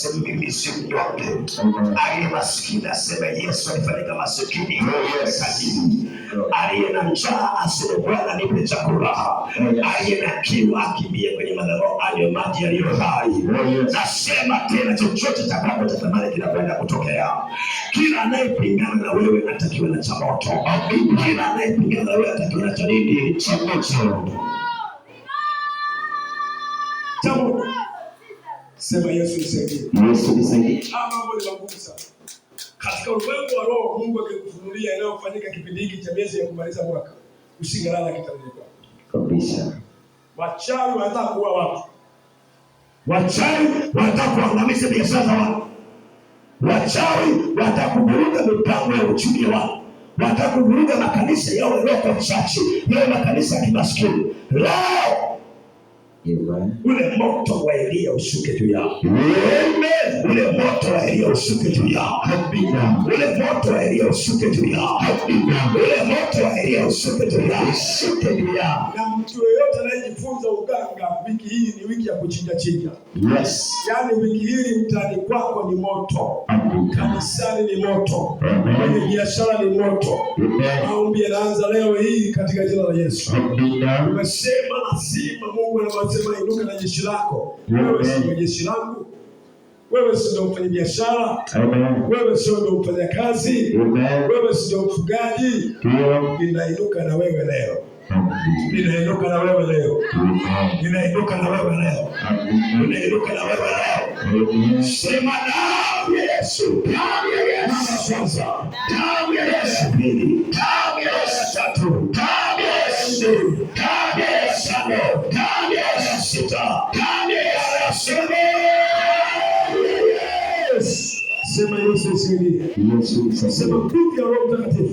asema mimi si mtu wa mtu. Mm-hmm. Aliye maskini asema Yesu alifanyika masikini kadiri. Aliye na njaa asema Bwana nipe chakula. Aliye na kiu akimbie kwenye madhabahu anywe maji yaliyo hai. Nasema tena, chochote cha kwako cha thamani kinakwenda kutokea. Kila anayepingana na wewe atakiwa na changamoto. Kila anayepingana na wewe atakiwa na changamoto. Sema Yesu nisaidie. Yesu nisaidie. Haya mambo ni magumu sana. Katika ulimwengu wa roho Mungu akikufunulia yanayofanyika kipindi hiki cha miezi ya kumaliza mwaka. Usingalala kitandani kwako. Kabisa. Wachawi wanataka kuua watu. Wachawi wanataka kuangamiza biashara za watu. Wachawi wanataka kuvuruga mipango ya uchumi wa watu. Wanataka kuvuruga makanisa yao yaliyo kwa chache. Yale makanisa ya kimaskini. La Ule moto wa Elia ushuke juu yao. Ule moto wa Elia ushuke juu yao. Ule moto wa Elia ushuke juu yao. Ule moto wa Elia ushuke juu yao. Ushuke juu yao. Na mtu yeyote anayejifunza uganga, wiki hii ni wiki ya kuchinja chinja. Yes. Yaani wiki hii mtani kwako ni moto. Kanisani ni moto. Kwenye biashara ni moto. Maombi yanaanza leo hii katika jina la Yesu. Amina. Umesema lazima Mungu ana anasema inuka na jeshi lako. Wewe sio jeshi langu, wewe si ndio mfanya biashara, wewe sio ndio mfanya kazi, wewe si ndio mfugaji. Ninainuka na wewe leo, ninainuka na wewe leo, ninainuka na wewe leo, ninainuka na wewe leo. Sema damu ya Yesu, damu ya Yesu, damu ya Yesu ndani ya Yesu